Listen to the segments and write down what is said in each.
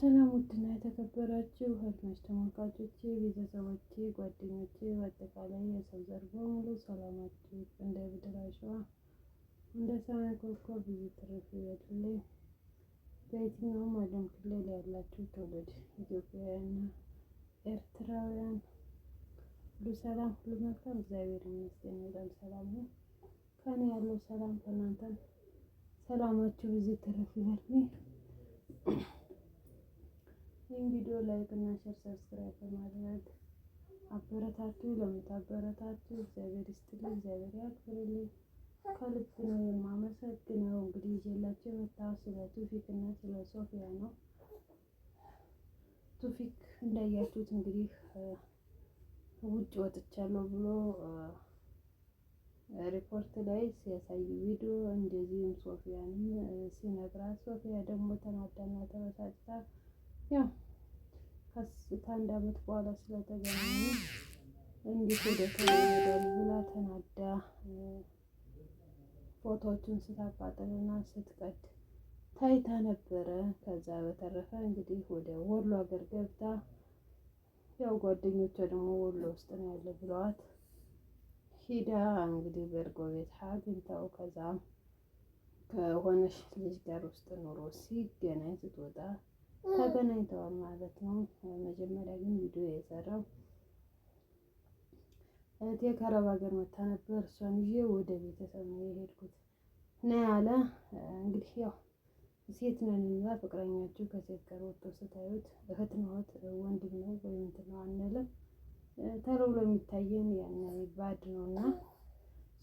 ሰላም ውድና የተከበራችሁ አድማጭ ተመልካቾቼ፣ ቤተሰቦቼ፣ ጓደኞቼ በአጠቃላይ የሰው ዘር በሙሉ ሰላማችሁ እንደ ምድር አሸዋ እንደ ሰማይ ኮከብ ብዙ ትርፍ በየትኛውም ዓለም ክልል ያላችሁ ትውልድ ኢትዮጵያውያንና ኤርትራውያን ሁሉ ሰላም፣ ሁሉ መልካም፣ እግዚአብሔር ይመስገን በጣም ሰላም ነው። ከኔ ያለው ሰላም ከእናንተም ሰላማችሁ ብዙ ትርፍ ይበልልኝ። ይህን ቪዲዮ ላይክ እና ሼር ሰብስክራይብ በማድረግ አበረታቱ። ለምታበረታቱ እግዚአብሔር ይስጥልኝ፣ እግዚአብሔር ያክብርልኝ። ከልብ ነው የማመሰግነው። እንግዲህ ይዤላችሁ የመጣሁት ስለ ቱፊክ እና ስለ ሶፊያ ነው። ቱፊክ እንዳያችሁት እንግዲህ ውጭ ወጥቻለሁ ብሎ ሪፖርት ላይ ሲያሳይ ቪዲዮ እንደዚህም ሶፊያን ሲነግራት ሶፊያ ደግሞ ተናዳና ተበሳጭታ ያው ከአንድ ዓመት በኋላ ስለተገናኙ እንዴት ወደ ተለመደው ብላ ተናዳ ፎቶዎችን ስታቃጥልና ስትቀድ ታይታ ነበረ። ከዛ በተረፈ እንግዲህ ወደ ወሎ ሀገር ገብታ ያው ጓደኞቿ ደግሞ ወሎ ውስጥ ነው ያለ ብለዋት ሂዳ እንግዲህ በእርጎ ቤት አግኝተው ከዛም ከሆነች ልጅ ጋር ውስጥ ኑሮ ሲገናኝ ስትወጣ ተገናኝተዋል ማለት ነው። መጀመሪያ ግን ቪዲዮ የሰራው እህቴ ከአረብ ሀገር መታ ነበር። እሷን ይዤ ወደ ቤተሰብ ነው የሄድኩት እና ያለ እንግዲህ ያው ሴት ነን እና ፍቅረኛችሁ ከሴት ጋር ወጥቶ ስታዩት እህት ነዎት ወንድም ነው ወይም እንትን ነው አንልም። ብሎ የሚታየን ያን ባድ ነው እና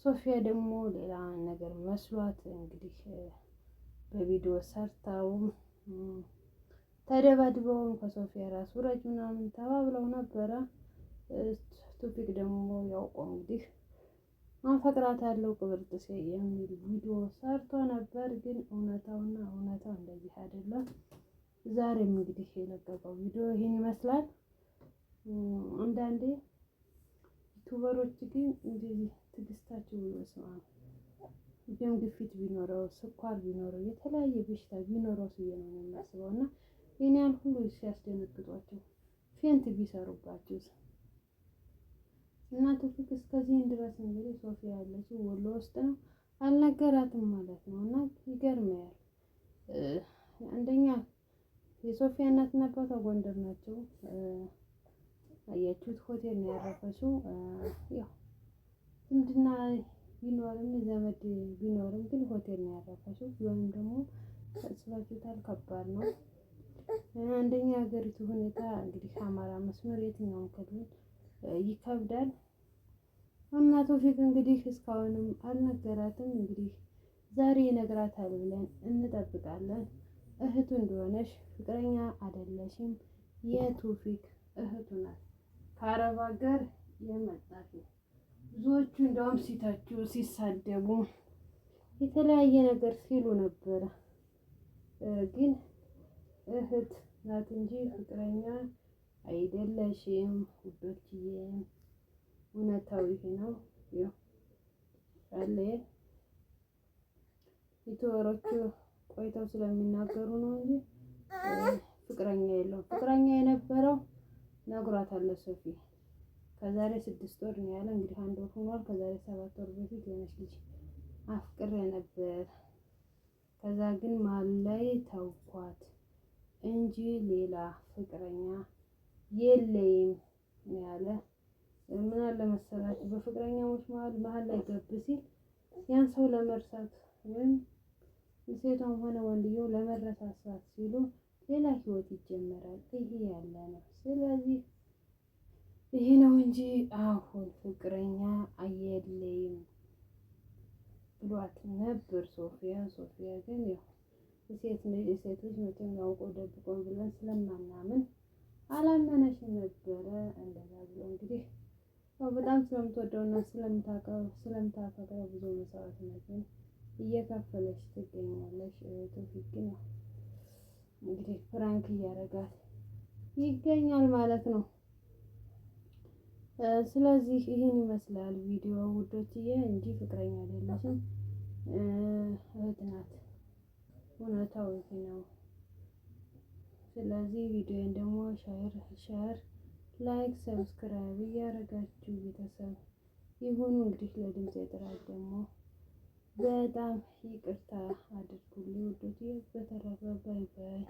ሶፊያ ደግሞ ሌላ ነገር መስሏት እንግዲህ በቪዲዮ ሰርታውም ተደባድበው ከሶፊያ ራሱ ረጅ ምናምን ተባብለው ነበረ። ቶፒክ ደግሞ ያውቀው እንግዲህ አንፈቅራታለሁ ቅብርጥሴ የሚል ቪዲዮ ሰርቶ ነበር። ግን እውነታውና እውነታው እንደዚህ አይደለም። ዛሬም እንግዲህ የለቀቀው ቪዲዮ ይህን ይመስላል። አንዳንዴ ዩቱበሮች ግን እንደዚህ ትግስታቸው ይመስላል ደም ግፊት ቢኖረው ስኳር ቢኖረው የተለያየ በሽታ ቢኖረው ስዬ ነው የሚያስበው እና ይህን ያህል ሁሉ ሲያስደነግጧቸው ፌንት ቢሰሩባቸው እና ትውፊት እስከዚህ ድረስ እንግዲህ ሶፊያ ያለችው ወሎ ውስጥ ነው። አልነገራትም ማለት ነው። እና ይገርማል። አንደኛ የሶፊያ እናትና አባቷ ጎንደር ናቸው። አያችሁት፣ ሆቴል ነው ያረፈችው። ያው ዝምድና ቢኖርም ዘመድ ቢኖርም ግን ሆቴል ነው ያረፈችው። ቢሆንም ደግሞ ሆስፒታል ከባድ ነው። አንደኛ ሀገሪቱ ሁኔታ እንግዲህ ከአማራ መስመር የትኛውን ክልል ይከብዳል። እና ቶፊቅ እንግዲህ እስካሁንም አልነገራትም። እንግዲህ ዛሬ ይነግራታል ብለን እንጠብቃለን። እህቱ እንደሆነች ፍቅረኛ አይደለሽም፣ የቶፊቅ እህቱ ናት። ከአረብ ሀገር የመጣች ብዙዎቹ እንደውም ሲተቹ ሲሳደቡ የተለያየ ነገር ሲሉ ነበረ ግን እህት ናት እንጂ ፍቅረኛ አይደለሽም። ውዶችዬ እውነታው ይሄ ነው። ያለ ዩቱበሮቹ ቆይተው ስለሚናገሩ ነው እንጂ ፍቅረኛ የለው። ፍቅረኛ የነበረው ነግሯታል ሶፊ ከዛሬ ስድስት ወር ነው ያለ። እንግዲህ አንድ ወር ሆኗል። ከዛሬ ሰባት ወር በፊት የሆነች ልጅ አፍቅሬ ነበር። ከዛ ግን መሀል ላይ ታውኳት እንጂ ሌላ ፍቅረኛ የለኝም ያለ ምን አለ መሰላችሁ፣ በፍቅረኛሞች መሀል መሀል ላይ ገብ ሲል ያን ሰው ለመርሳት ወይም ሴቷም ሆነ ወንድየው ለመረሳሳት ሲሉ ሌላ ህይወት ይጀመራል። ይሄ ያለ ነው። ስለዚህ ይሄ ነው እንጂ አሁን ፍቅረኛ አየለይም ብሏት ነበር ሶፊያ። ሶፊያ ግን ያው ሴት ልጅ ሴት ልጅ መቼም ያውቆ ደብቆን ብለን ስለማናምን አላመነሽ ነበረ። እንደዛ ብሎ እንግዲህ ያው በጣም ስለምትወደውና ስለምታቀው ስለምታፈቅረው ብዙ መስዋዕትነትን እየከፈለች ትገኛለች። ትውፊት ግን እንግዲህ ፍራንክ እያደረጋት ይገኛል ማለት ነው። ስለዚህ ይህን ይመስላል ቪዲዮ ውዶችዬ፣ እንጂ ፍቅረኛ አይደለችም እህት ናት። እውነታው ይህ ነው። ስለዚህ ቪዲዮን ደግሞ ሸር፣ ላይክ፣ ሰብስክራይብ እያደረጋችሁ ቤተሰብ ይሁኑ። እንግዲህ ለድምፅ የጥራት ደግሞ በጣም ይቅርታ አድርጉልኝ ውዶቼ። በተረፈ ባይ ባይ።